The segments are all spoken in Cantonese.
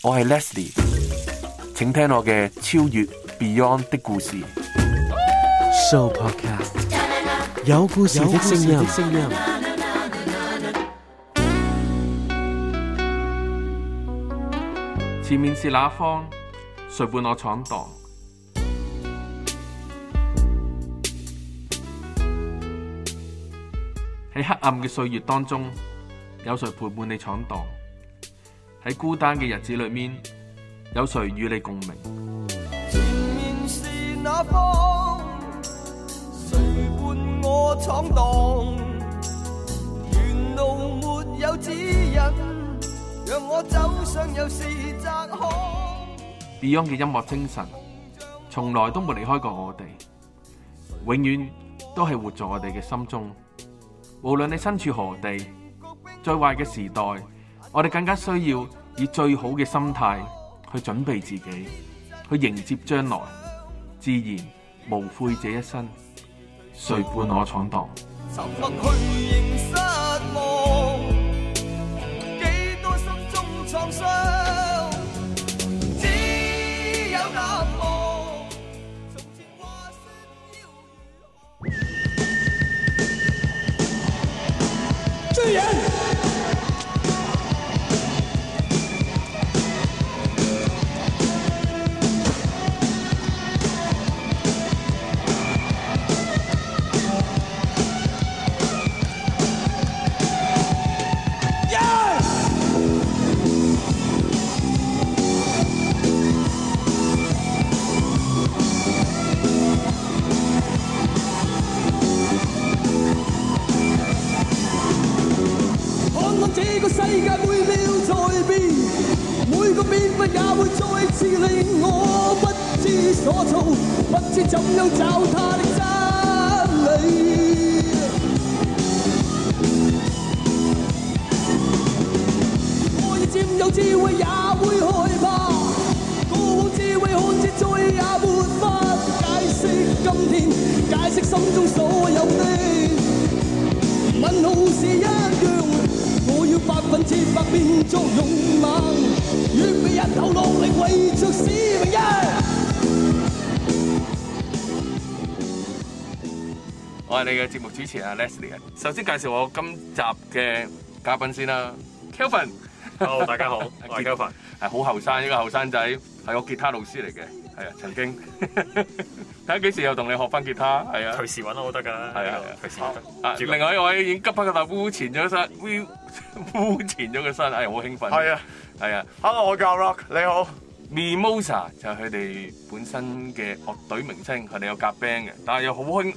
我係 Leslie，請聽我嘅超越 Beyond 的故事 Show Podcast，有故事的聲。前面是哪方？誰伴我闖蕩？喺黑暗嘅歲月當中，有誰陪伴你闖蕩？喺孤單嘅日子裏面有誰與你共鳴前面是那方誰伴我闖蕩沿路沒有指引讓我走上又是窄巷 Beyond 嘅音樂精神從來都冇離開過我哋永遠都係活在我哋嘅心中無論你身處何地最壞嘅時代我哋更加需要以最好嘅心態去準備自己，去迎接將來。自然無悔這一生。誰伴我闖蕩？主持阿 Leslie 啊，首先介紹我今集嘅嘉賓先啦，Kelvin。 Hello 大家好，我係 Kelvin，係好後生一個後生仔，係個吉他老師嚟嘅，係啊，曾經睇下幾時又同你學翻吉他，係啊，隨時揾我都得㗎，係啊，隨時得、啊。啊，另外一位已經急迫嘅大烏前咗身，烏烏前咗個身，哎、呃，好、呃呃呃呃呃呃呃、興奮，係啊，係啊，Hello，我叫 Rock，你好，Mimosa 就係佢哋本身嘅樂隊名稱，佢 哋有夾 band 嘅，但係又好興。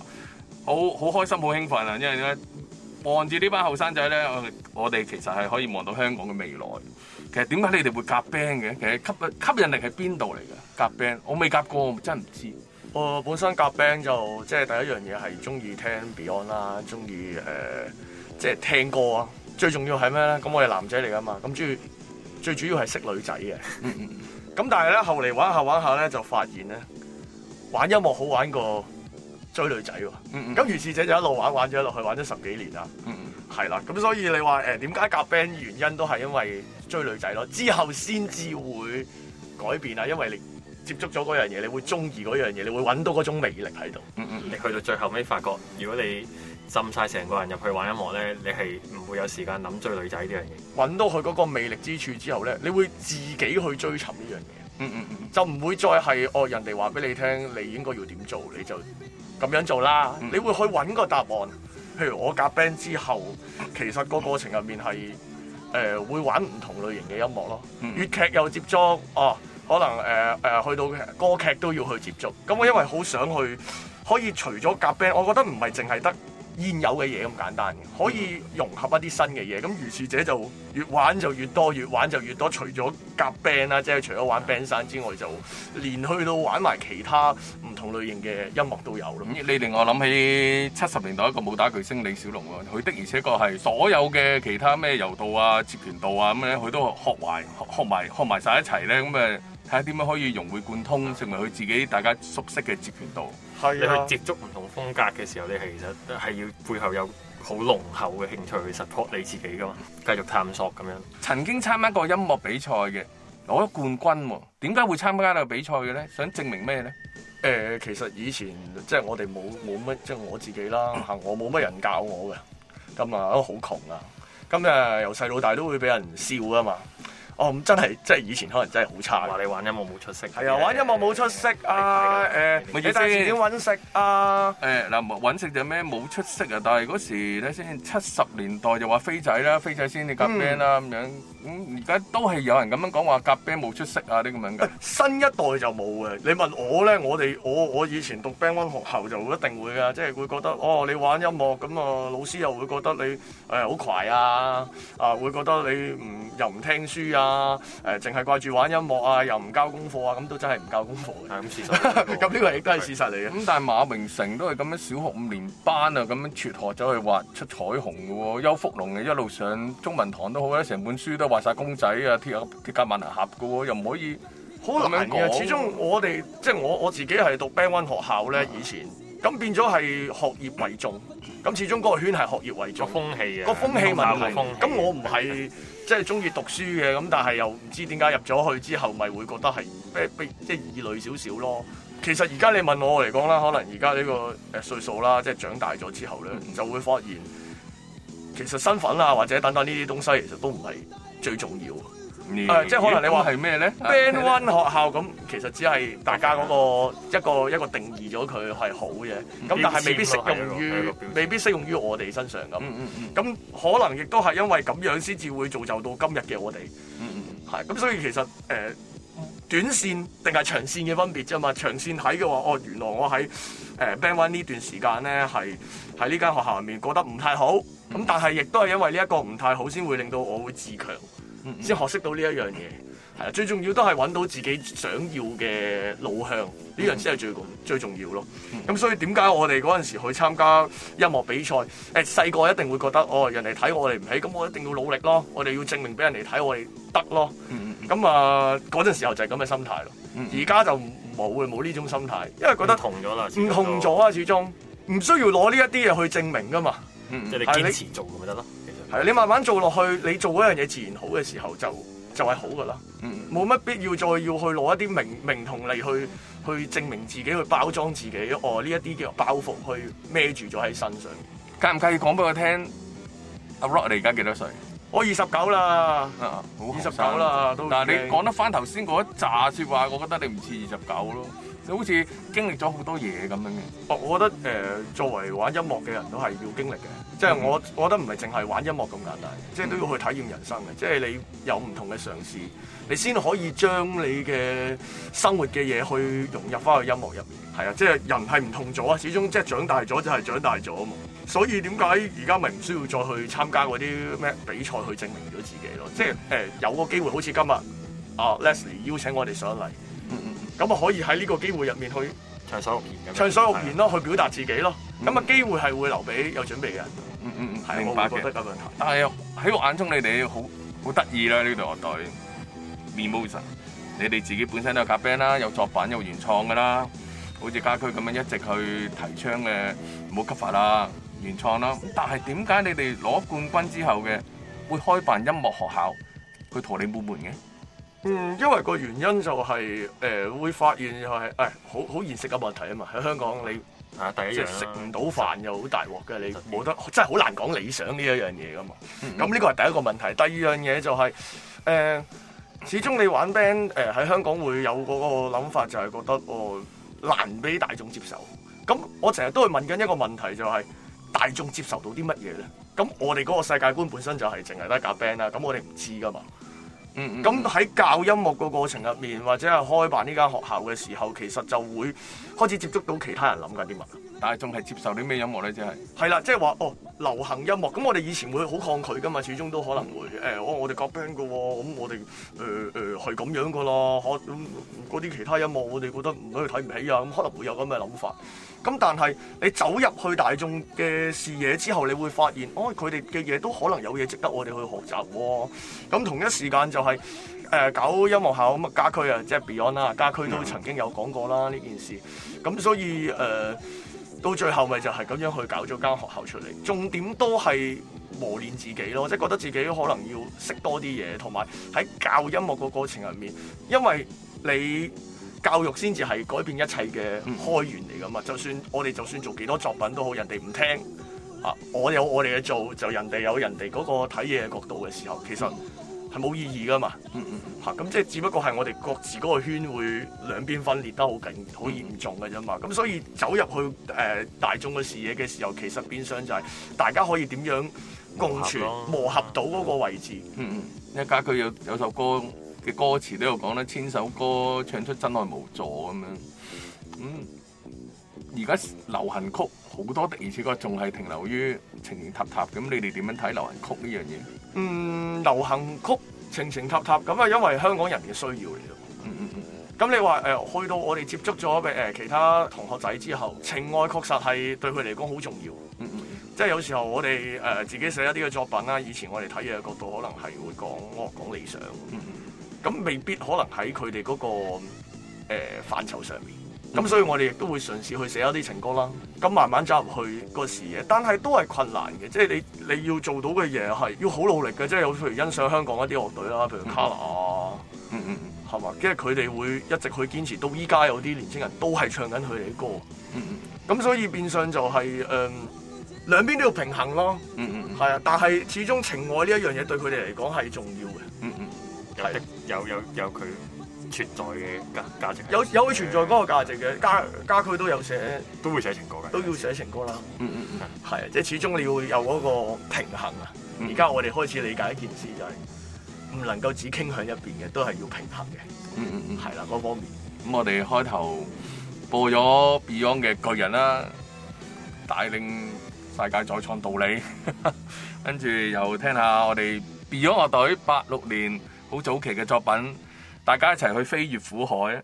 好好開心、好興奮啊！因為咧望住呢班後生仔咧，我哋其實係可以望到香港嘅未來。其實點解你哋會夾 band 嘅？其實吸吸引力係邊度嚟嘅？夾 band 我未夾過，我真唔知。我、呃、本身夾 band 就即係第一樣嘢係中意聽 Beyond 啦，中意誒即係聽歌啊。最重要係咩咧？咁我係男仔嚟噶嘛，咁中意最主要係識女仔嘅。咁 但係咧後嚟玩下玩下咧，就發現咧玩音樂好玩過。追女仔喎、啊，咁、嗯嗯、如是者就一路玩玩咗落去，玩咗十幾年啦，係、嗯、啦、嗯。咁所以你話誒點解夾 band 原因都係因為追女仔咯、啊。之後先至會改變啊，因為你接觸咗嗰樣嘢，你會中意嗰樣嘢，你會揾到嗰種魅力喺度。嗯嗯，你去到最後尾發覺，如果你浸晒成個人入去玩音樂咧，你係唔會有時間諗追女仔呢樣嘢。揾到佢嗰個魅力之處之後咧，你會自己去追尋呢樣嘢。嗯嗯嗯，就唔會再係哦人哋話俾你聽，你應該要點做，你就咁樣做啦，你會去揾個答案。譬如我夾 band 之後，其實個過程入面係誒、呃、會揾唔同類型嘅音樂咯。粵、嗯、劇又接觸，哦、啊，可能誒誒、呃呃、去到歌劇都要去接觸。咁我因為好想去，可以除咗夾 band，我覺得唔係淨係得。現有嘅嘢咁簡單嘅，可以融合一啲新嘅嘢。咁如是者就越玩就越多，越玩就越多。除咗夾 band 啦，即係除咗玩 band 山之外，就連去到玩埋其他唔同類型嘅音樂都有。咁你令我諗起七十年代一個武打巨星李小龍喎，佢的而且確係所有嘅其他咩柔道啊、截拳道啊咁樣，佢都學埋學埋學埋晒一齊咧。咁誒。睇下點樣可以融會貫通，成為佢自己大家熟悉嘅接觸度，啊。你去接觸唔同風格嘅時候，你係其實係要背後有好濃厚嘅興趣去 support 你自己噶嘛，繼續探索咁樣。曾經參加過音樂比賽嘅，攞咗冠軍喎。點解會參加呢個比賽嘅咧？想證明咩咧？誒、呃，其實以前即係、就是、我哋冇冇乜，即係、就是、我自己啦。嚇、嗯，我冇乜人教我嘅。咁啊，都好窮啊。咁誒，由細到大都會俾人笑啊嘛。哦，咁真係，即係以前可能真係好差。話你玩音樂冇出息，係啊、嗯，玩音樂冇出息啊，誒、嗯，咪以前點揾食啊？誒、嗯，嗱，揾食就咩冇出息啊？但係嗰時咧先七十年代就話飛仔啦，飛仔先你夾 band 啦咁樣。嗯咁而家都係有人咁樣講，話夾 band 冇出息啊啲咁樣嘅，新一代就冇嘅。你問我咧，我哋我我以前讀 band one 學校就一定會噶，即係會覺得哦，你玩音樂咁啊，老師又會覺得你誒好懸啊，啊會覺得你唔又唔聽書啊誒，淨係掛住玩音樂啊又唔交功課啊，咁都真係唔交功課嘅。係咁，咁呢個亦都係事實嚟嘅。咁 但係馬榮成都係咁樣小學五年班啊，咁樣脫學咗去畫出彩虹嘅喎啊，邱福龍嘅一路上中文堂都好咧，成本書都。壞晒公仔啊！貼下貼下萬能俠嘅喎，又唔可以，好難講嘅。始終我哋即係我我自己係讀 band one 學校咧，以前咁變咗係學業為重。咁 始終嗰個圈係學業為重個風氣啊，個風氣問題。咁、啊、我唔係即係中意讀書嘅，咁但係又唔知點解入咗去之後，咪會覺得係咩逼即係異類少少咯。其實而家你問我嚟講啦，可能而家呢個誒歲數啦，即、就、係、是、長大咗之後咧、嗯，就會發現其實身份啊或者等等呢啲東西，其實都唔係。最重要誒、嗯，即係可能你話係咩咧？Band One 學校咁，其實只係大家嗰個一個一個定義咗佢係好嘅，咁、嗯、但係未必適用於、嗯嗯嗯、未必適用於我哋身上咁。咁可能亦都係因為咁樣先至會造就到今日嘅我哋。係、嗯、咁、嗯，所以其實誒，短線定係長線嘅分別啫嘛。長線睇嘅話，哦，原來我喺，誒 band one 呢段時間咧，係喺呢間學校入面覺得唔太好，咁、嗯、但係亦都係因為呢一個唔太好，先會令到我會自強，先、嗯嗯、學識到呢一樣嘢，係、嗯、啊，最重要都係揾到自己想要嘅路向，呢樣先係最重、嗯、最重要咯。咁、嗯、所以點解我哋嗰陣時去參加音樂比賽？誒細個一定會覺得哦，人哋睇我哋唔起，咁我一定要努力咯，我哋要證明俾人哋睇我哋得咯。咁、嗯、啊，嗰、嗯、陣時候就係咁嘅心態咯。而、嗯、家、嗯、就。我會冇呢種心態，因為覺得唔同咗啦，唔同咗啊，始終唔需要攞呢一啲嘢去證明噶嘛，即、嗯、係、嗯、你堅持做咪得咯，其實係你慢慢做落去，你做嗰樣嘢自然好嘅時候就就係、是、好噶啦，冇、嗯、乜、嗯、必要再要去攞一啲名名同利去去證明自己，去包裝自己，哦呢一啲叫包袱，去孭住咗喺身上。介唔介意講俾我聽，阿 Rock 你而家幾多歲？我二十九啦，二十九啦都。但係，你講得翻頭先嗰一紮説話，我覺得你唔似二十九咯，你好似經歷咗好多嘢咁樣嘅。我覺得誒，作為玩音樂嘅人都係要經歷嘅。即係我，我覺得唔係淨係玩音樂咁簡單，即係都要去體驗人生嘅。即係你有唔同嘅嘗試，你先可以將你嘅生活嘅嘢去融入翻去音樂入面。係啊，即係人係唔同咗啊，始終即係長大咗就係長大咗啊嘛。所以點解而家咪唔需要再去參加嗰啲咩比賽去證明咗自己咯？即係誒有個機會，好似今日啊，Leslie 邀請我哋上嚟，嗯嗯，咁啊可以喺呢個機會入面去暢所欲言，暢所欲言咯，去表達自己咯。咁啊機會係會留俾有準備嘅人。嗯嗯嗯，明白嘅。但係喺我眼中你，mm -hmm. 你哋好好得意啦，呢隊樂隊。emotion 你哋自己本身都有夾 band 啦，有作品，有原創嘅啦。好似家駒咁樣一直去提倡嘅，唔好 copy 啦，原創啦。但係點解你哋攞冠軍之後嘅會開辦音樂學校去陀你門門嘅？嗯，因為個原因就係、是、誒、呃、會發現又係誒好好現實嘅問題啊嘛。喺香港你。啊！第一，即係食唔到飯又好大鑊嘅，你冇得真係好難講理想呢一樣嘢噶嘛。咁呢個係第一個問題，第二樣嘢就係、是、誒、呃，始終你玩 band 喺、呃、香港會有嗰個諗法，就係覺得哦難俾大眾接受。咁我成日都會問緊一個問題、就是，就係大眾接受到啲乜嘢咧？咁我哋嗰個世界觀本身就係淨係得夾 band 啦。咁我哋唔知噶嘛。嗯，咁、嗯、喺、嗯、教音樂個過程入面，或者係開辦呢間學校嘅時候，其實就會開始接觸到其他人諗緊啲乜。但係仲係接受啲咩音樂咧？真係係啦，即係話哦，流行音樂咁，我哋以前會好抗拒噶嘛，始終都可能會誒、嗯欸哦，我的、哦、我哋夾 band 噶喎，咁我哋誒誒係咁樣噶啦，可咁嗰啲其他音樂我哋覺得唔可以睇唔起啊，咁、嗯、可能會有咁嘅諗法。咁、嗯、但係你走入去大眾嘅視野之後，你會發現，哦，佢哋嘅嘢都可能有嘢值得我哋去學習喎。咁、哦、同一時間就係、是、誒、呃、搞音樂校乜家駒啊，即係 Beyond 啦，家駒都曾經有講過啦呢、嗯、件事。咁所以誒。呃到最後咪就係咁樣去搞咗間學校出嚟，重點都係磨練自己咯，即係覺得自己可能要識多啲嘢，同埋喺教音樂個過程入面，因為你教育先至係改變一切嘅開源嚟㗎嘛。就算我哋就算做幾多作品都好，人哋唔聽啊，我有我哋嘅做，就人哋有人哋嗰個睇嘢嘅角度嘅時候，其實。係冇意義噶嘛？嚇、嗯！咁、嗯、即係只不過係我哋各自嗰個圈會兩邊分裂得好緊、好嚴重嘅啫嘛。咁、嗯、所以走入去誒大眾嘅視野嘅時候，其實變相就係大家可以點樣共存磨合、磨合到嗰個位置。嗯嗯，而家佢有有首歌嘅歌詞都有講啦，「千首歌唱出真愛無助」咁樣。咁而家流行曲好多的而且歌仲係停留於情情塔塔。咁，你哋點樣睇流行曲呢樣嘢？嗯，流行曲情情塔塔咁啊，因為香港人嘅需要嚟咯。嗯嗯嗯。咁你話誒，去到我哋接觸咗誒其他同學仔之後，情愛確實係對佢嚟講好重要。嗯嗯。即係有時候我哋誒、呃、自己寫一啲嘅作品啦，以前我哋睇嘢嘅角度可能係會講我講理想。嗯嗯。咁未必可能喺佢哋嗰個誒範疇上面。咁、mm -hmm. 所以我哋亦都會嘗試去寫一啲情歌啦。咁慢慢走入去個視野，但係都係困難嘅，即係你你要做到嘅嘢係要好努力嘅。即係有譬如欣賞香港一啲樂隊啦，譬如 Kolor 啊，嗯嗯，係嘛？因為佢哋會一直去堅持到依家，有啲年青人都係唱緊佢哋嘅歌。嗯嗯。咁所以變相就係誒兩邊都要平衡咯。嗯嗯。係啊，但係始終情愛呢一樣嘢對佢哋嚟講係重要嘅。嗯嗯。係。有有有佢存在嘅價價值，有有佢存在嗰個價值嘅，家家區都有寫，都會寫情歌嘅，都要寫情歌啦。嗯嗯嗯，係、嗯，即係始終你要有嗰個平衡啊。而、嗯、家我哋開始理解一件事就係、是，唔能夠只傾向一邊嘅，都係要平衡嘅。嗯嗯嗯，係、嗯、啦，嗰方面。咁我哋開頭播咗 Beyond 嘅巨人啦，帶領世界再創道理，跟 住又聽下我哋 Beyond 樂隊八六年好早期嘅作品。大家一齊去飛越苦海。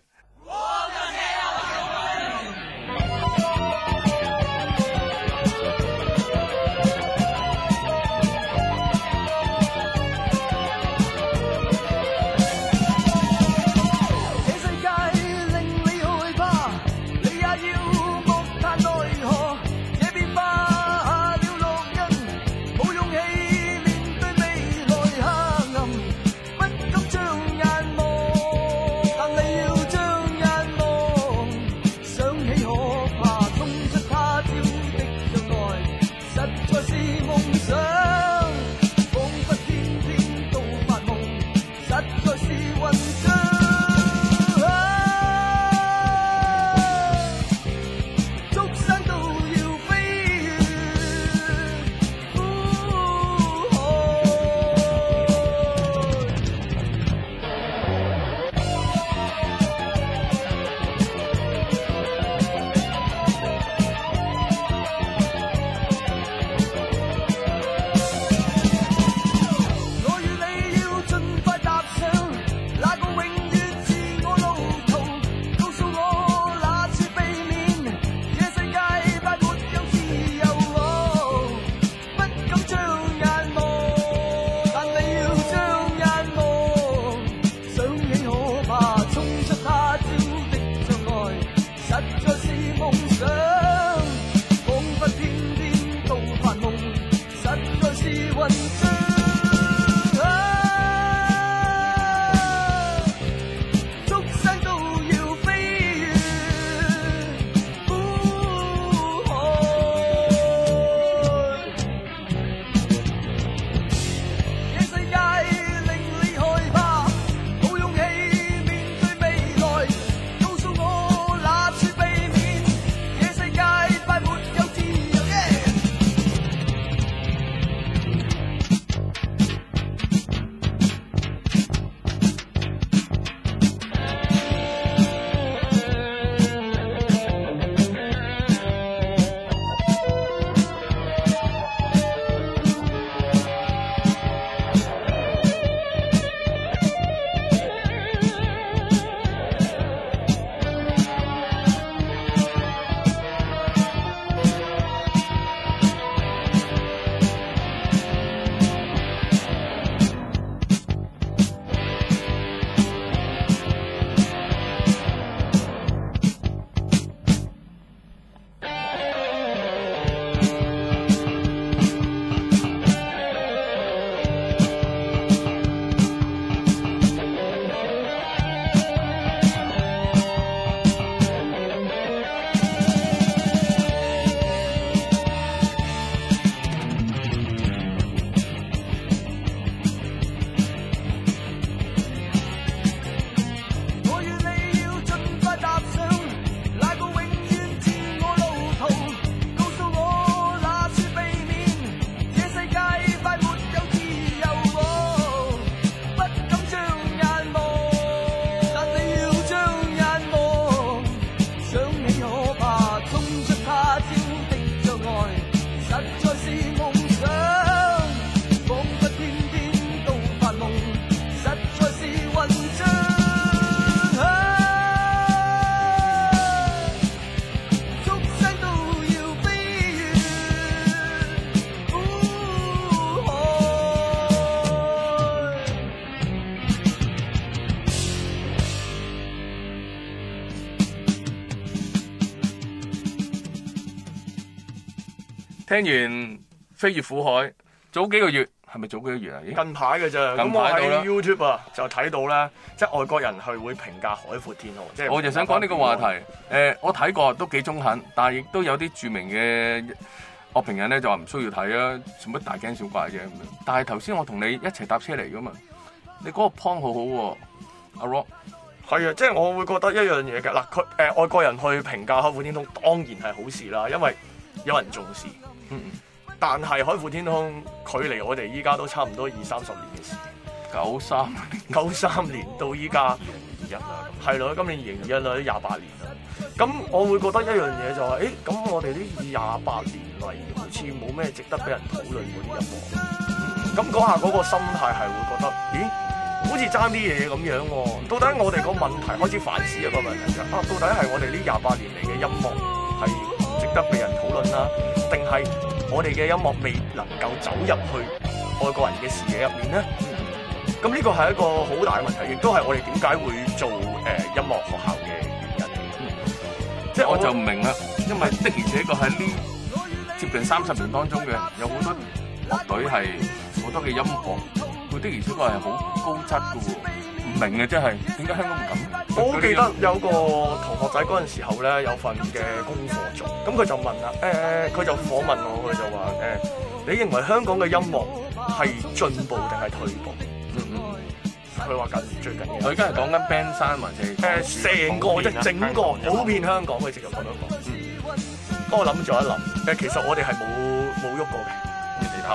聽完飛越苦海，早幾個月係咪早幾個月啊？近排嘅咋？近排喺 YouTube 啊，就睇到啦，即係外國人係會評價海闊天空。即係我就想講呢個話題。誒、欸，我睇過都幾中肯，但係亦都有啲著名嘅樂評人咧就話唔需要睇啊，做乜大驚小怪嘅。咁。但係頭先我同你一齊搭車嚟噶嘛，你嗰個 point 好好、啊、喎，阿 Rock 係啊，即係我會覺得一樣嘢嘅嗱，佢、呃、誒外國人去評價海闊天空當然係好事啦，因為有人重視。嗯，但係海闊天空，距離我哋依家都差唔多二三十年嘅事。九三年， 九三年到依家二零二一啦，係咯，今年二零二一啦，都廿八年啦。咁我會覺得一樣嘢就係、是，誒，咁我哋呢廿八年嚟好似冇咩值得畀人討論嗰啲音樂。咁、嗯、講下嗰個心態係會覺得，咦，好似爭啲嘢咁樣。到底我哋個問題開始反思一、啊那個問題啊？到底係我哋呢廿八年嚟嘅音樂係？得被人討論啦，定係我哋嘅音樂未能夠走入去外國人嘅視野入面咧？咁呢個係一個好大嘅問題，亦都係我哋點解會做誒音樂學校嘅原因。即係我就唔明啦，因為的而且確喺呢接近三十年當中嘅，有好多樂隊係好多嘅音樂，佢的而且確係好高質㗎喎，唔明啊！即係點解香港唔咁？我記得有個同學仔嗰陣時候咧，有份嘅功課做，咁佢就問啦，誒、欸、佢就訪問我，佢就話誒、欸，你認為香港嘅音樂係進步定係退步？嗯嗯，佢話近最近要。佢而家係講緊 band 山或者誒成個即係整個，整個，整個普遍香港嘅直入咁樣講。嗯，我諗咗一諗，其實我哋係冇冇喐過嘅。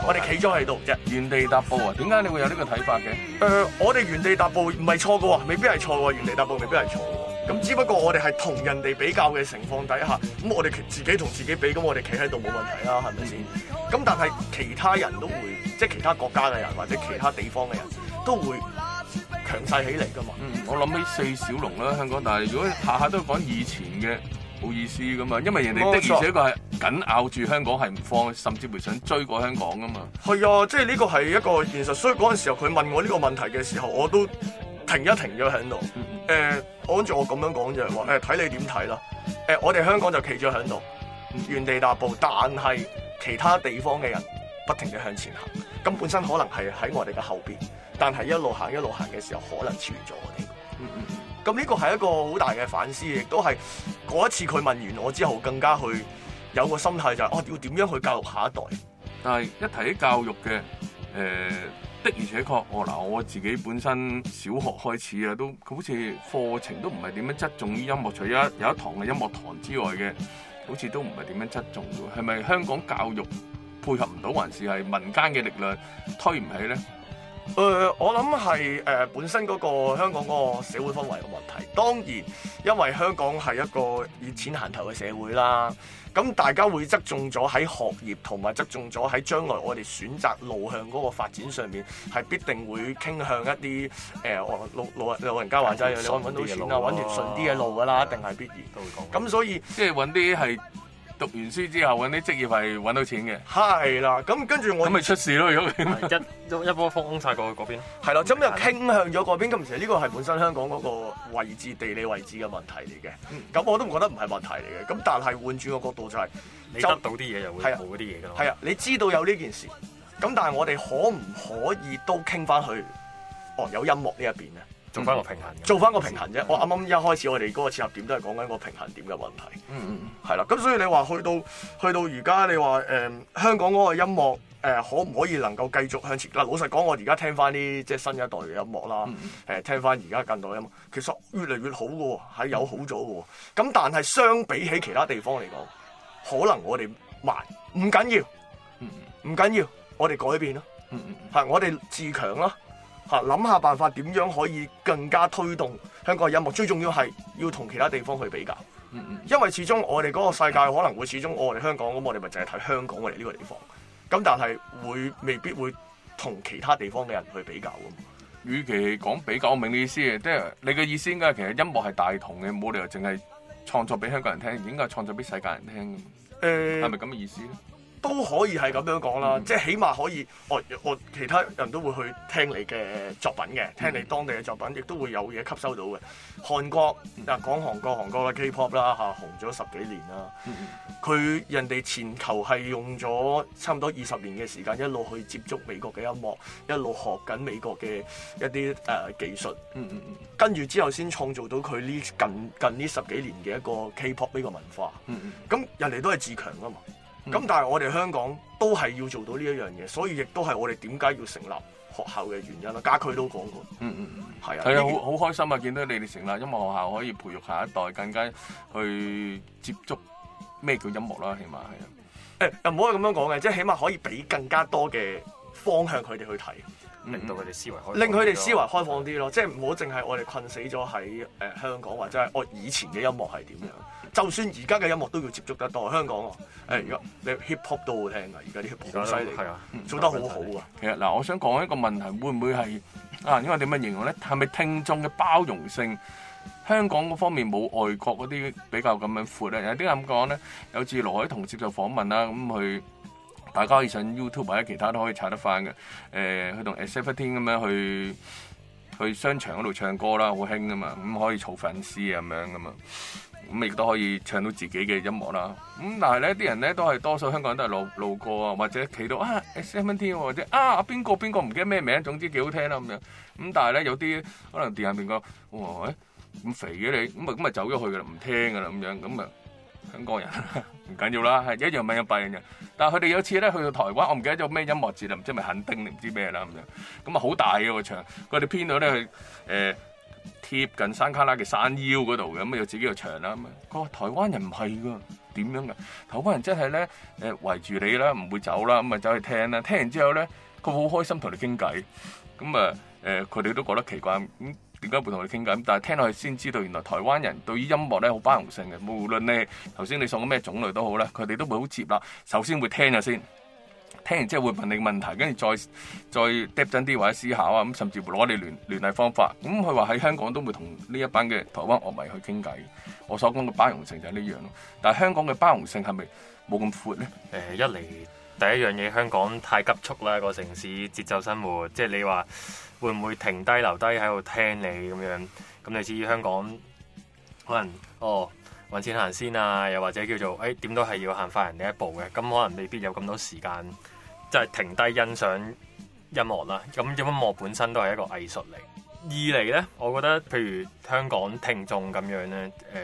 我哋企咗喺度啫，原地踏步啊？點解你會有呢個睇法嘅？誒、呃，我哋原地踏步唔係錯㗎喎，未必係錯喎。原地踏步未必係錯喎。咁、嗯、只不過我哋係同人哋比較嘅情況底下，咁我哋自己同自己比，咁我哋企喺度冇問題啦、啊，係咪先？咁、嗯、但係其他人都會，即、就、係、是、其他國家嘅人或者其他地方嘅人都會強勢起嚟㗎嘛。嗯，我諗起四小龍啦，香港。但係如果下下都講以前嘅。冇意思噶嘛，因為人哋的而且確係緊咬住香港係唔放，甚至乎想追過香港噶嘛。係啊，即係呢個係一個現實。所以嗰陣時候佢問我呢個問題嘅時候，我都停一停咗喺度。誒、嗯呃呃，我諗住我咁樣講，就係話，誒，睇你點睇啦。誒，我哋香港就企咗喺度原地踏步，但係其他地方嘅人不停嘅向前行。咁本身可能係喺我哋嘅後邊，但係一路行一路行嘅時候，可能超咗我哋。嗯嗯咁呢個係一個好大嘅反思，亦都係嗰一次佢問完我之後，更加去有個心態就係、是：我、啊、要點樣去教育下一代？但係一提起教育嘅，誒、呃、的而且確，我、哦、嗱、呃、我自己本身小學開始啊，都好似課程都唔係點樣側重於音樂，除咗有一堂嘅音樂堂之外嘅，好似都唔係點樣側重。係咪香港教育配合唔到，還是係民間嘅力量推唔起咧？呃、我諗係、呃、本身嗰個香港嗰個社會氛圍嘅問題。當然，因為香港係一個以錢行頭嘅社會啦，咁大家會側重咗喺學業，同埋側重咗喺將來我哋選擇路向嗰個發展上面，係必定會傾向一啲老老老人家話齋，你想揾到錢啊，揾條順啲嘅路噶啦，一定係必然都會講。咁所以即係揾啲係。就是讀完書之後揾啲職業係揾到錢嘅，係啦，咁跟住我咁咪出事咯，如 果一一一波風晒過去嗰邊，係啦，咁又傾向咗嗰邊，咁其實呢個係本身香港嗰個位置、地理位置嘅問題嚟嘅，咁、嗯、我都唔覺得唔係問題嚟嘅，咁但係換轉個角度就係、是、你得到啲嘢又會冇嗰啲嘢嘅咯，係啊，你知道有呢件事，咁但係我哋可唔可以都傾翻去哦有音樂呢一邊咧？做翻個平衡，嗯，做翻個平衡啫、嗯。我啱啱一開始，我哋嗰個切入點都係講緊個平衡點嘅問題。嗯嗯，係啦。咁所以你話去到去到而家，你話誒香港嗰個音樂誒、呃、可唔可以能夠繼續向前？嗱，老實講，我而家聽翻啲即係新一代嘅音樂啦，嗯呃、聽翻而家近代音樂，其實越嚟越好嘅喎，係有好咗嘅喎。咁、嗯、但係相比起其他地方嚟講，可能我哋慢。唔緊要，唔、嗯、緊要，我哋改變咯。嗯係我哋自強咯。嗱，諗下辦法點樣可以更加推動香港音樂，最重要係要同其他地方去比較。嗯嗯，因為始終我哋嗰個世界可能會始終我哋香港，咁我哋咪淨係睇香港我哋呢個地方。咁但係會未必會同其他地方嘅人去比較噶嘛？與其講比較，我明你意思，即係你嘅意思應該其實音樂係大同嘅，冇理由淨係創作俾香港人聽，應該係創作俾世界人聽噶嘛？誒、欸，係咪咁嘅意思？都可以係咁樣講啦，即係起碼可以，我我其他人都會去聽你嘅作品嘅，聽你當地嘅作品，亦都會有嘢吸收到嘅。韓國嗱，講韓國韓國嘅 K-pop 啦嚇，紅咗十幾年啦。佢人哋全球係用咗差唔多二十年嘅時間，一路去接觸美國嘅音樂，一路學緊美國嘅一啲誒、呃、技術。跟住之後先創造到佢呢近近呢十幾年嘅一個 K-pop 呢個文化。嗯，咁人哋都係自強噶嘛。咁、嗯、但係我哋香港都係要做到呢一樣嘢，所以亦都係我哋點解要成立學校嘅原因啦。家駒都講過，嗯嗯係啊，好好開心啊！見到你哋成立音樂學校，可以培育下一代更加去接觸咩叫音樂啦，起碼係啊、欸。又唔可以咁樣講嘅，即係起碼可以俾更加多嘅方向佢哋去睇，令到佢哋思維開，令佢哋思維開放啲咯。即係唔好淨係我哋困死咗喺、呃、香港或者係我以前嘅音樂係點樣。嗯就算而家嘅音樂都要接觸得多，香港誒，你 hip hop 都好聽啊，而家啲 hip hop 犀利，係啊，做得好好啊。其實嗱，我想講一個問題，會唔會係啊？因為點樣形容咧？係咪聽眾嘅包容性？香港嗰方面冇外國嗰啲比較咁樣闊咧？有啲咁講咧，有好似羅海彤接受訪問啦，咁去，大家可以上 YouTube 或者其他都可以查得翻嘅。誒、呃，佢同 Everything 咁樣去去商場嗰度唱歌啦，好興噶嘛，咁可以湊粉絲啊咁樣噶嘛。咁亦都可以唱到自己嘅音樂啦。咁但係咧，啲人咧都係多數香港人都係路路過啊，或者企到啊 seventeen 或者啊邊個邊個唔記得咩名，總之幾好聽啦咁樣。咁但係咧有啲可能電下邊個哇，咁肥嘅你，咁咪咁咪走咗去嘅啦，唔聽嘅啦咁樣。咁啊，香港人唔緊要啦，呵呵一樣咪一閉嘅。但係佢哋有次咧去到台灣，我唔記得咗咩音樂節啦，唔知咪肯定定唔知咩啦咁樣。咁啊好大嘅個場，佢哋編到咧係誒。貼近山卡拉嘅山腰嗰度咁啊，有自己嘅牆啦咁啊。佢話台灣人唔係㗎，點樣㗎？台灣人真係咧誒，圍住你啦，唔會走啦，咁啊走去聽啦。聽完之後咧，佢會好開心同你傾偈。咁啊誒，佢哋都覺得奇怪，咁點解會同你傾偈？但係聽落去先知道，原來台灣人對於音樂咧好包容性嘅，無論你頭先你送嘅咩種類都好咧，佢哋都會好接啦。首先會聽咗先。聽完之後會問你問題，跟住再再 deep 啲或者思考啊，咁甚至乎攞你聯聯繫方法。咁佢話喺香港都會同呢一班嘅台灣樂迷去傾偈。我所講嘅包容性就係呢樣咯。但係香港嘅包容性係咪冇咁闊咧？誒、呃，一嚟，第一樣嘢，香港太急促啦，個城市節奏生活，即係你話會唔會停低留低喺度聽你咁樣？咁你似香港可能哦。揾錢行先啊，又或者叫做，哎，點都係要行快人哋一步嘅，咁可能未必有咁多時間，即係停低欣賞音樂啦。咁音樂本身都係一個藝術嚟。二嚟呢，我覺得譬如香港聽眾咁樣呢，呃，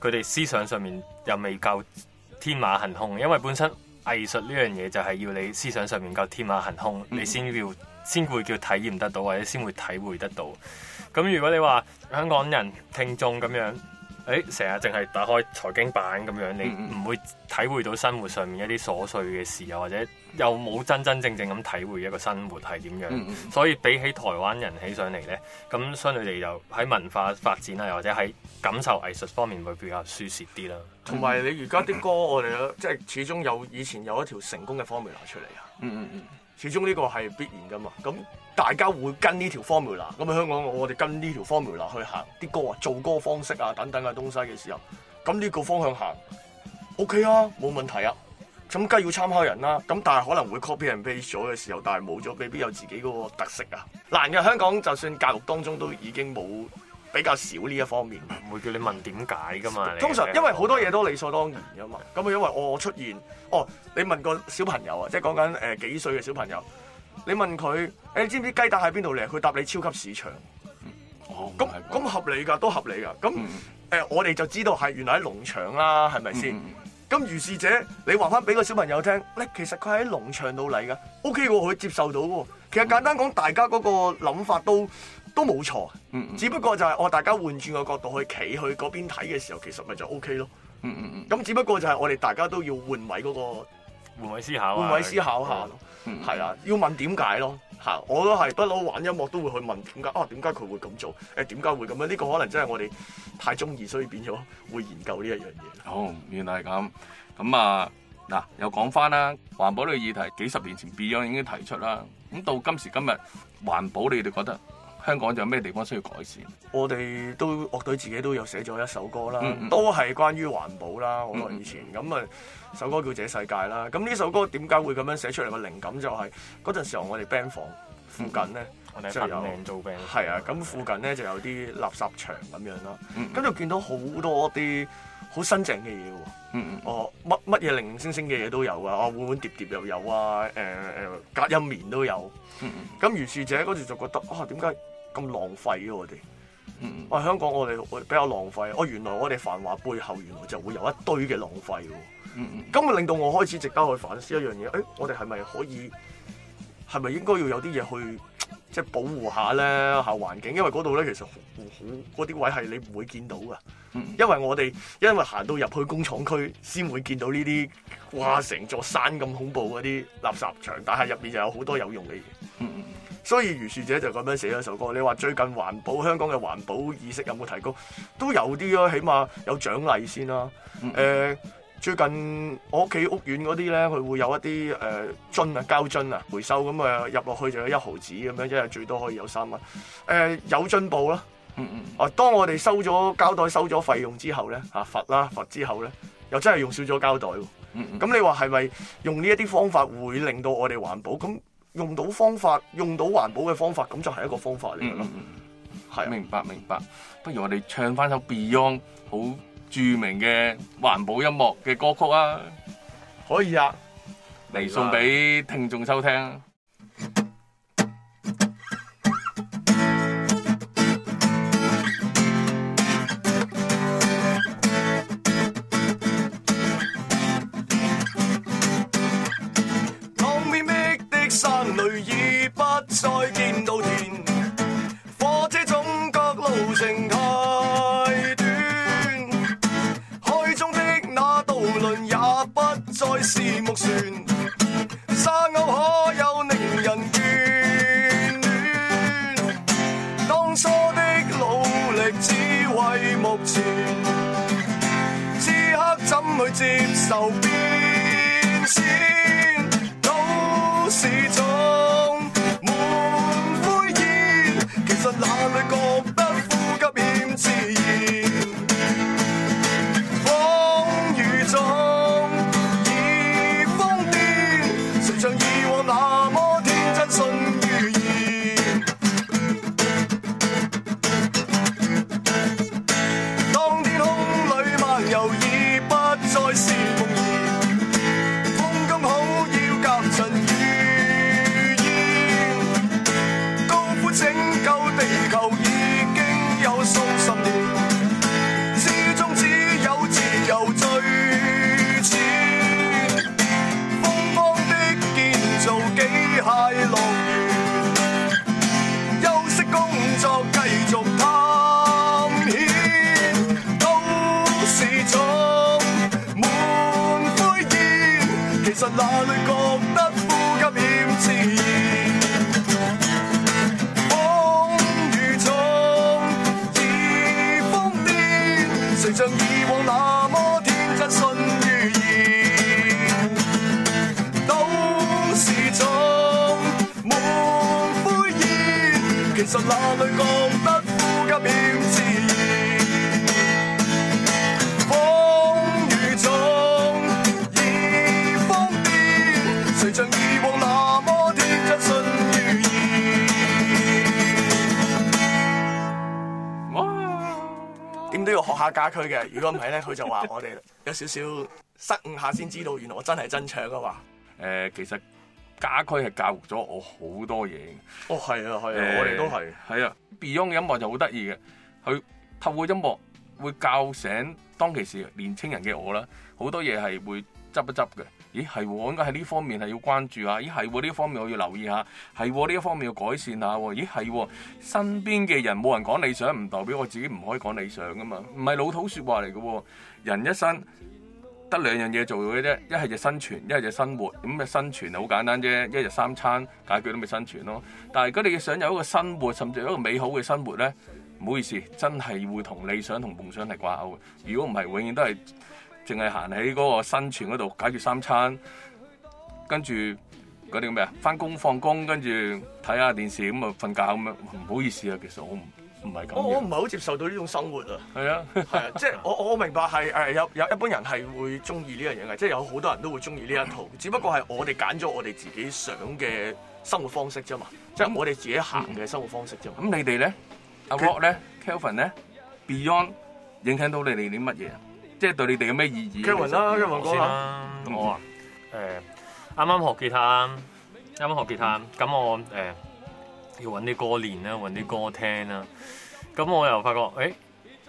佢哋嗯嗯思想上面又未夠天馬行空，因為本身藝術呢樣嘢就係要你思想上面夠天馬行空，你先要嗯嗯先會叫體驗得到，或者先會體會得到。咁如果你話香港人聽眾咁樣，誒成日淨係打開財經版咁樣，你唔會體會到生活上面一啲瑣碎嘅事，又或者又冇真真正正咁體,體會一個生活係點樣。所以比起台灣人起上嚟咧，咁相對嚟，又喺文化發展啊，又或者喺感受藝術方面會比較舒適啲啦。同埋你而家啲歌我哋咧，即係始終有以前有一條成功嘅 formula 出嚟啊。嗯嗯嗯，始終呢個係必然噶嘛。咁。大家會跟呢條 formula 咁啊，香港我哋跟呢條 formula 去行啲歌啊、做歌方式啊等等嘅東西嘅時候，咁呢個方向行 OK 啊，冇問題啊。咁梗係要參考人啦、啊，咁但係可能會 copy and paste 咗嘅時候，但係冇咗未必有自己嗰個特色啊。難嘅香港就算教育當中都已經冇比較少呢一方面，唔會叫你問點解噶嘛。通常因為好多嘢都理所當然㗎嘛。咁啊，因為我出現哦，你問個小朋友啊，即係講緊誒幾歲嘅小朋友？你問佢，誒、哎、你知唔知雞蛋喺邊度嚟？佢答你超級市場。咁、哦、咁合理㗎，都合理㗎。咁誒、嗯呃，我哋就知道係原來喺農場啦，係咪先？咁、嗯、如是者，你話翻俾個小朋友聽，咧其實佢喺農場度嚟㗎。O K，我佢接受到㗎。其實簡單講，大家嗰個諗法都都冇錯嗯嗯。只不過就係我大家換轉個角度去企去嗰邊睇嘅時候，其實咪就 O K 咯。咁、嗯嗯、只不過就係我哋大家都要換位嗰、那個。換位思考啊！換位思考下咯，係、嗯嗯、啊，要問點解咯嚇？我都係不嬲玩音樂都會去問點解啊？點解佢會咁做？誒點解會咁樣？呢、這個可能真係我哋太中意，所以變咗會研究呢一樣嘢。好，原來係咁。咁啊嗱、啊，又講翻啦，環保呢個議題幾十年前 Beyond 已經提出啦。咁到今時今日，環保你哋覺得？香港就有咩地方需要改善？我哋都樂隊自己都有寫咗一首歌啦、嗯嗯，都係關於環保啦。好耐以前咁啊，嗯、那首歌叫《這世界》啦。咁呢首歌點解會咁樣寫出嚟？個靈感就係嗰陣時候，我哋 band 房附近咧，哋、嗯、有病，係啊。咁附近咧、嗯、就有啲垃圾場咁樣啦。咁、嗯、就見到好多啲好新淨嘅嘢喎。乜乜嘢零零星星嘅嘢都有啊，我碗碗碟碟又有啊。誒、啊、誒隔音棉都有。咁、嗯、如是者嗰時就覺得啊，點解？咁浪費嘅我哋、嗯啊，香港我哋比較浪費。我、啊、原來我哋繁華背後，原來就會有一堆嘅浪費。咁、嗯、啊、嗯、令到我開始值得去反思一樣嘢。誒，我哋係咪可以，係咪應該要有啲嘢去即係保護下咧？下環境，因為嗰度咧其實好，嗰啲位係你唔會見到噶、嗯。因為我哋因為行到入去工廠區，先會見到呢啲哇，成座山咁恐怖嗰啲垃圾場，但係入邊就有好多有用嘅嘢。嗯嗯。所以余樹姐就咁樣寫咗首歌。你話最近環保香港嘅環保意識有冇提高？都有啲咯、啊，起碼有獎勵先啦、啊。誒、嗯呃，最近我屋企屋苑嗰啲咧，佢會有一啲誒樽啊、膠樽啊回收，咁啊、呃、入落去就有一毫紙咁樣，一日最多可以有三蚊。誒、呃，有進步啦、啊。嗯嗯。啊，當我哋收咗膠袋、收咗費用之後咧，嚇、啊、罰啦罰之後咧，又真係用少咗膠袋、啊。嗯嗯。咁你話係咪用呢一啲方法會令到我哋環保？咁？用到方法，用到環保嘅方法，咁就係一個方法嚟、嗯嗯嗯、明白明白。不如我哋唱返首 Beyond 好著名嘅環保音樂嘅歌曲啊，可以啊，嚟送俾聽眾收聽。區嘅，如果唔係咧，佢就話我哋有少少失誤下先知道，原來我真係真唱啊嘛。誒、呃，其實家駒係教咗我好多嘢哦，係啊，係啊，呃、我哋都係。係啊，Beyond 嘅音樂就好得意嘅，佢透過音樂會教醒當其時年青人嘅我啦，好多嘢係會執一執嘅。咦，係喎，應該喺呢方面係要關注下。咦，係喎，呢一方面我要留意下。係喎，呢一方面要改善下。咦，係喎，身邊嘅人冇人講理想，唔代表我自己唔可以講理想噶嘛。唔係老土説話嚟嘅喎。人一生得兩樣嘢做嘅啫，一係就生存，一係就生活。咁嘅生存好簡單啫，一日三餐解決都咪生存咯。但係如果你想有一個生活，甚至有一個美好嘅生活咧，唔好意思，真係會同理想同夢想係掛鈎嘅。如果唔係，永遠都係。淨係行喺嗰個生存嗰度解決三餐，跟住嗰啲咩啊，返工放工，跟住睇下看看電視咁啊，瞓覺咁啊，唔好意思啊，其實我唔唔係咁。我唔係好接受到呢種生活了啊。係啊，係 啊，即係我我明白係誒有有一般人係會中意呢樣嘢嘅，即係有好多人都會中意呢一套，只不過係我哋揀咗我哋自己想嘅生活方式啫嘛，嗯，即係我哋自己行嘅生活方式啫嘛。咁、嗯嗯、你哋咧，阿 Rock 咧，Kelvin 咧，Beyond 影響到你哋啲乜嘢？即係對你哋有咩意義？Kevin 啦，Kevin 哥啦，我啊，誒啱啱學吉他，啱啱學吉他，咁、嗯、我誒、呃、要揾啲歌練啦，揾啲歌聽啦。咁、嗯、我又發覺，誒、哎、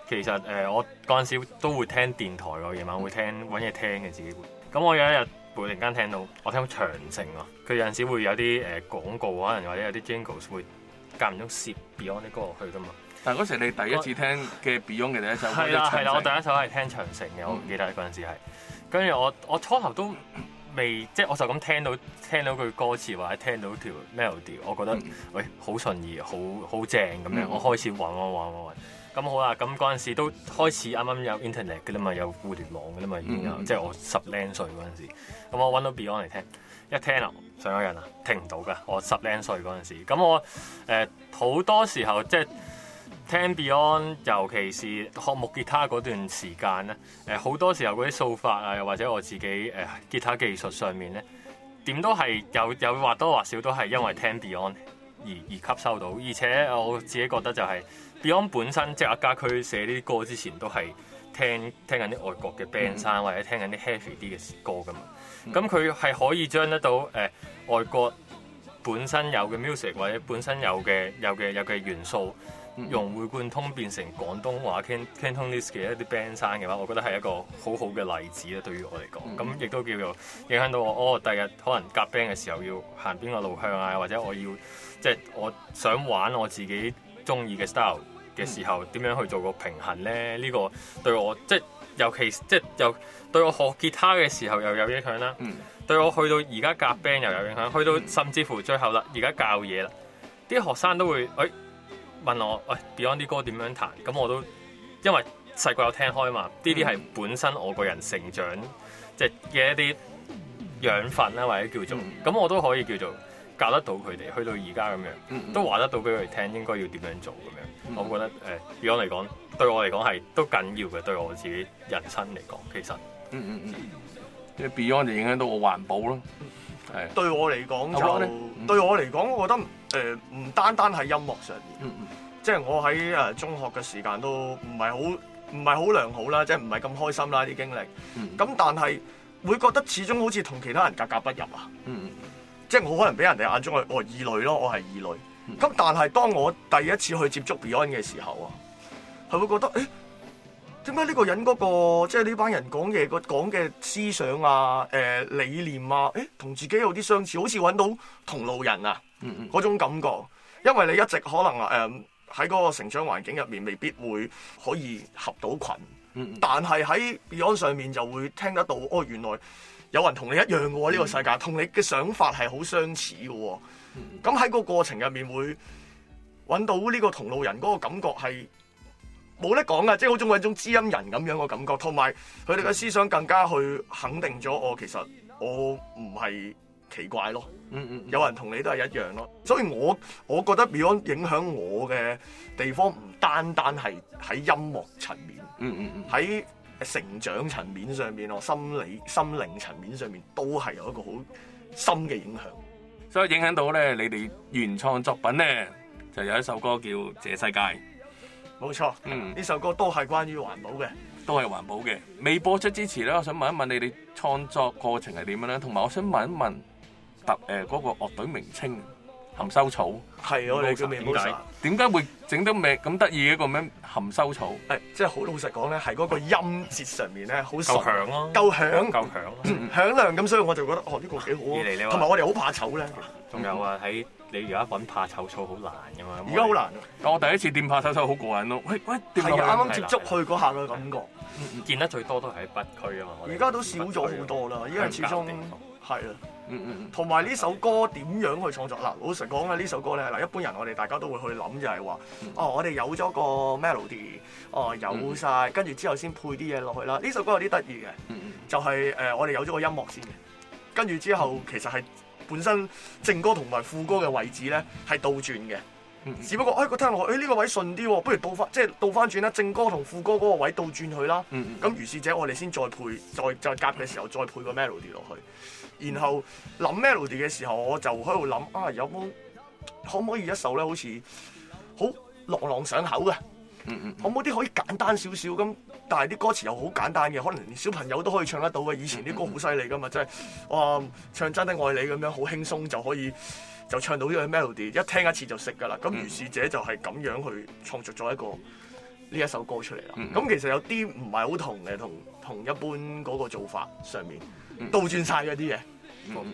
其實誒、呃、我嗰陣時都會聽電台喎，夜晚會聽揾嘢聽嘅自己會。咁我有一日會突然間聽到，我聽到長城喎。佢有陣時會有啲誒廣告，可能或者有啲 jingles 會間唔中攝 Beyond 啲歌落去噶嘛。但嗰時你係第一次聽嘅 Beyond 嘅第一首係啦係啦，我第一首係聽《長城》嘅、嗯。我記得嗰陣時係跟住我，我初頭都未即係，我就咁聽到聽到句歌詞或者聽到條 melody，我覺得、嗯、喂好順意，好好正咁樣。嗯、我開始揾揾揾揾揾咁好啦。咁嗰陣時都開始啱啱有 internet 嘅啦嘛，有互聯網嘅啦嘛，已經有即係我十零歲嗰陣時。咁我揾到 Beyond 嚟聽，一聽啊，上咗人啊，聽唔到噶。我十零歲嗰陣時咁，我誒好、呃、多時候即係。聽 Beyond，尤其是學木吉他嗰段時間咧，誒、呃、好多時候嗰啲掃法啊，又或者我自己誒、呃、吉他技術上面咧，點都係有有或多或少都係因為聽 Beyond 而而，而吸收到。而且我自己覺得就係、是、Beyond 本身即係阿家駒寫呢啲歌之前都係聽聽緊啲外國嘅 band sound，或者聽緊啲 heavy 啲嘅歌㗎嘛。咁佢係可以將得到誒、呃、外國本身有嘅 music，或者本身有嘅有嘅有嘅元素。融會貫通變成廣東話，Cantonese 嘅一啲 band 生嘅話，我覺得係一個很好好嘅例子咧。對於我嚟講，咁亦都叫做影響到我。哦，第日可能夾 band 嘅時候要行邊個路向啊，或者我要即係我想玩我自己中意嘅 style 嘅時候，點、mm、樣 -hmm. 去做個平衡咧？呢、這個對我即係尤其即係又對我學吉他嘅時候又有影響啦。嗯、mm -hmm.，對我去到而家夾 band 又有影響，去到甚至乎最後啦，而家教嘢啦，啲學生都會誒。欸問我喂，哎、Beyond 啲歌點樣彈？咁我都因為細個有聽開啊嘛，呢啲係本身我個人成長即係嘅一啲養分啦，或者叫做咁，嗯、我都可以叫做教得到佢哋。去到而家咁樣，嗯嗯、都話得到俾佢哋聽，應該要點樣做咁樣，嗯？我覺得誒、呃、Beyond 嚟講，對我嚟講係都緊要嘅，對我自己人生嚟講，其實嗯嗯嗯，即、嗯嗯、Beyond 就影響到我環保咯。係對我嚟講就對我嚟講，嗯、我嚟講我覺得。誒、呃、唔單單喺音樂上面，嗯、即係我喺誒中學嘅時間都唔係好唔係好良好啦，即係唔係咁開心啦啲經歷。咁、嗯、但係會覺得始終好似同其他人格格不入啊、嗯。即係我可能俾人哋眼中係我異類咯，我係異類。咁、嗯、但係當我第一次去接觸 Beyond 嘅時候啊，係會覺得誒點解呢個人嗰、嗰個即係呢班人講嘢個講嘅思想啊、誒、呃、理念啊，誒同自己有啲相似，好似揾到同路人啊！嗰、嗯嗯、種感覺，因為你一直可能誒喺嗰個成長環境入面未必會可以合到群，嗯嗯嗯，但係喺 beyond 上面就會聽得到，哦，原來有人同你一樣嘅、哦、呢、嗯、個世界，同你嘅想法係好相似嘅、哦，咁、嗯、喺、嗯、個過程入面會搵到呢個同路人嗰個感覺係冇得講啊，即、就、係、是、好似一種知音人咁樣嘅感覺，同埋佢哋嘅思想更加去肯定咗我，其實我唔係。奇怪咯，嗯嗯，有人同你都係一樣咯，所以我我覺得 Beyond 影響我嘅地方唔單單係喺音樂層面，嗯嗯嗯，喺、嗯、成長層面上面，我心理心靈層面上面都係有一個好深嘅影響，所以影響到咧你哋原創作品咧就有一首歌叫《這世界》，冇錯，嗯，呢首歌都係關於環保嘅，都係環保嘅。未播出之前咧，我想問一問你哋創作過程係點樣咧？同埋我想問一問。特誒嗰、呃那個樂隊名稱含羞草，係、嗯、我哋嘅點解？點解會整得咩咁得意嘅一個名含羞草？誒、哎，即係好老實講咧，係嗰個音節上面咧好夠響咯、啊，夠響，夠響、啊，響亮咁，所以我就覺得哦，呢、呢個幾好。同、啊、埋我哋好怕醜咧，仲有啊！喺你而家揾怕醜草好難㗎嘛，而家好難、啊。我第一次掂怕醜草好過癮咯、哎，喂喂，啱啱接觸佢嗰下嘅感覺，見得最多都係喺北區啊嘛。而家都少咗好多啦，因為始終係啊。同埋呢首歌點樣去創作嗱？老實講啊，呢首歌咧嗱，一般人我哋大家都會去諗就係話、嗯、哦，我哋有咗個 melody，哦有晒、嗯，跟住之後先配啲嘢落去啦。呢首歌有啲得意嘅，就係、是、誒、呃、我哋有咗個音樂先嘅，跟住之後其實係本身正歌同埋副歌嘅位置咧係倒轉嘅、嗯嗯，只不過哎個聽落去誒呢個位順啲，不如倒翻即係倒翻轉啦，正歌同副歌嗰個位倒轉去啦。咁、嗯嗯、如是者我哋，我哋先再配再再夾嘅時候再配個 melody 落去。然後諗 melody 嘅時候，我就喺度諗啊，有冇可唔可以一首咧，好似好朗朗上口嘅？嗯嗯，可唔可以啲可以簡單少少咁，但係啲歌詞又好簡單嘅，可能連小朋友都可以唱得到嘅。以前啲歌好犀利噶嘛，即、嗯、係、嗯就是、啊，唱真的愛你咁樣好輕鬆就可以就唱到呢個 melody，一聽一次就識噶啦。咁如是者就係咁樣去創作咗一個呢一首歌出嚟啦。咁、嗯、其實有啲唔係好同嘅，同同一般嗰個做法上面。倒轉晒嗰啲嘢，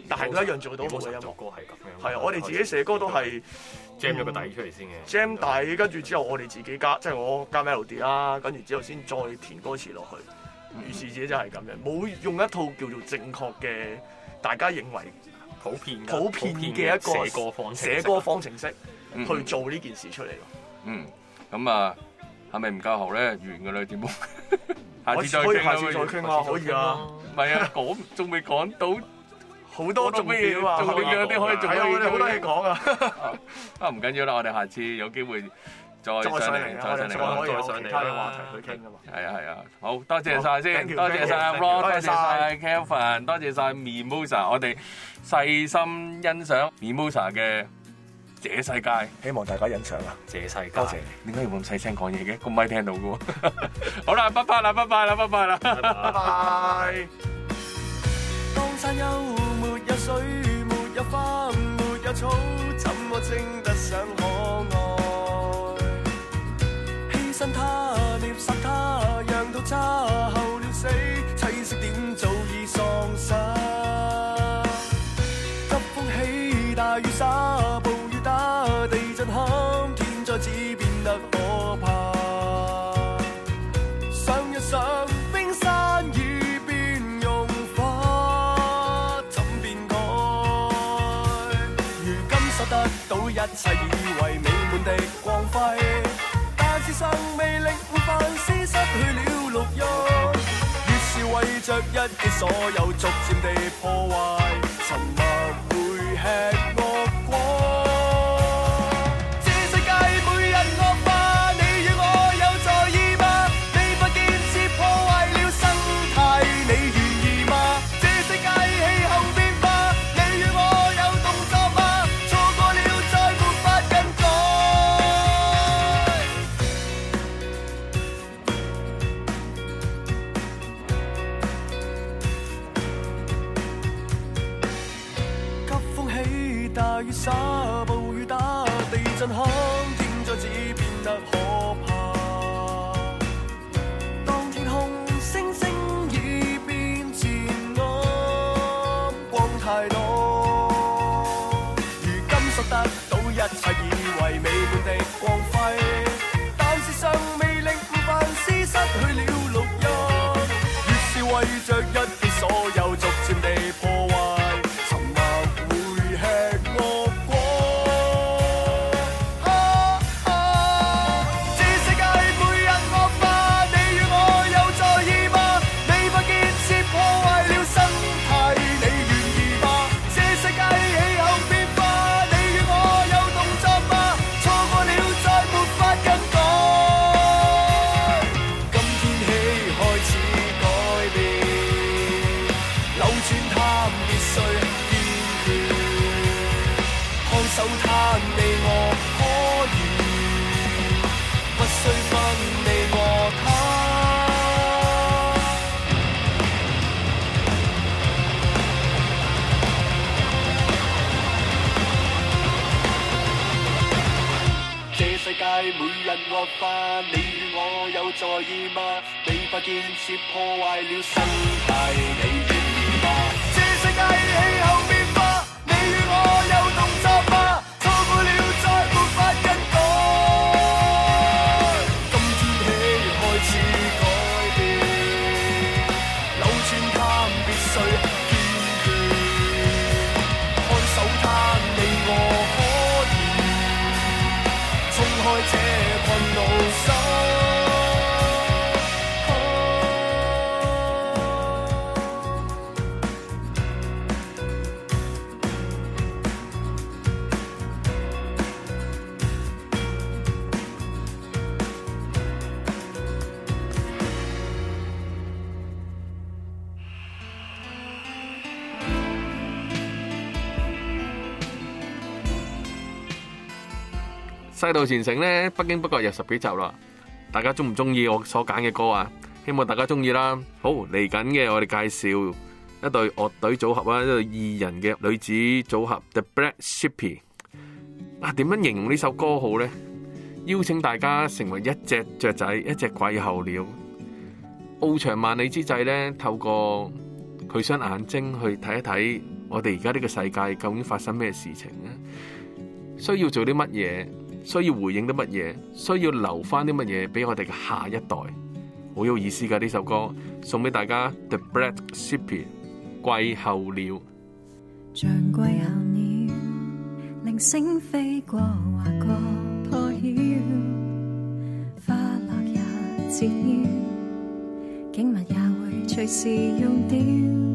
但係都一樣做到冇音樂。冇作歌係咁樣。係啊，我哋自己寫歌都係 jam 咗個底出嚟先嘅。jam、嗯、底跟住之後，我哋自己加，即係我加 melody 啦，跟住之後先再填歌詞落去，嗯。於是者就係咁樣，冇用一套叫做正確嘅，大家認為普遍、普遍嘅一個寫歌方程式，寫歌方程式去做呢件事出嚟，嗯。嗯，咁啊，係咪唔夠喉咧？完㗎喇，點 下次再傾，下次再傾咯，可以啊。唔係啊，講仲未講到好多，仲咩，仲點樣啲可以，仲有好多嘢講啊！啊，唔緊要啦，我哋下次有機會再上嚟，再上嚟，再上嚟，其他嘅話題去傾噶嘛。係啊係啊，好多謝晒先，多謝晒，羅，多謝晒，Kelvin，多謝晒，Mimosa，我哋細心欣賞 Mimosa 嘅。這世界希望大家欣賞啊！這世界多謝你，點解要咁細聲講嘢嘅？咁咪聽到嘅喎。好啦，拜拜啦，拜拜啦，拜拜啦。拜拜。所有逐漸被破壞。《西道前程》咧，不經不覺有十幾集啦。大家中唔中意我所揀嘅歌啊？希望大家中意啦。好，嚟緊嘅，我哋介紹一對樂隊組合啊，一對二人嘅女子組合 The Black Sheep。啊，點樣形容呢首歌好咧？邀請大家成為一隻雀仔，一隻季候鳥，翱翔萬里之際咧，透過佢雙眼睛去睇一睇我哋而家呢個世界究竟發生咩事情咧？需要做啲乜嘢？需要回應啲乜嘢？需要留返啲乜嘢俾我哋嘅下一代？好有意思㗎呢首歌，送俾大家《The Black Sheep》，季候鳥。像季候鳥，鈴聲飛過劃過破曉，花落也折腰，景物也會隨時用掉。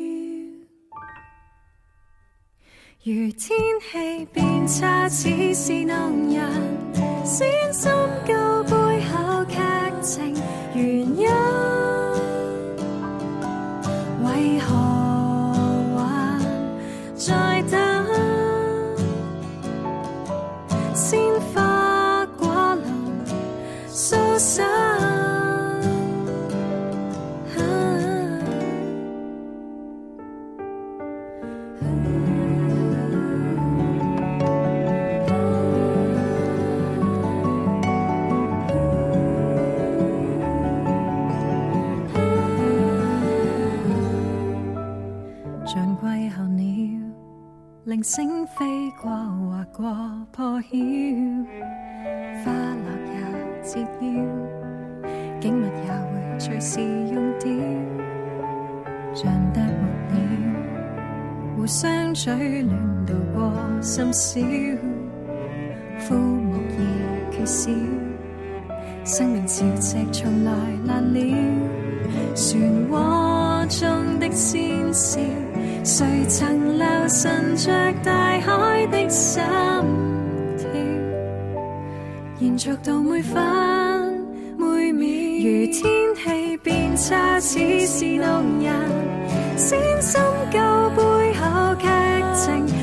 如天氣變差，似是弄人，先深究背後劇情原因。鈴聲飛過，劃過破曉，花落也折腰，景物也會隨時用掉，像得沒了。互相取暖，度過深宵，枯木亦缺少，生命潮汐從來難料，漩渦中的先兆。誰曾留神着大海的心跳，延續到每分每秒。如天氣變差，似是弄人，先深究背後劇情。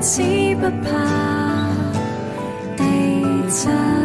只不怕地震。Data.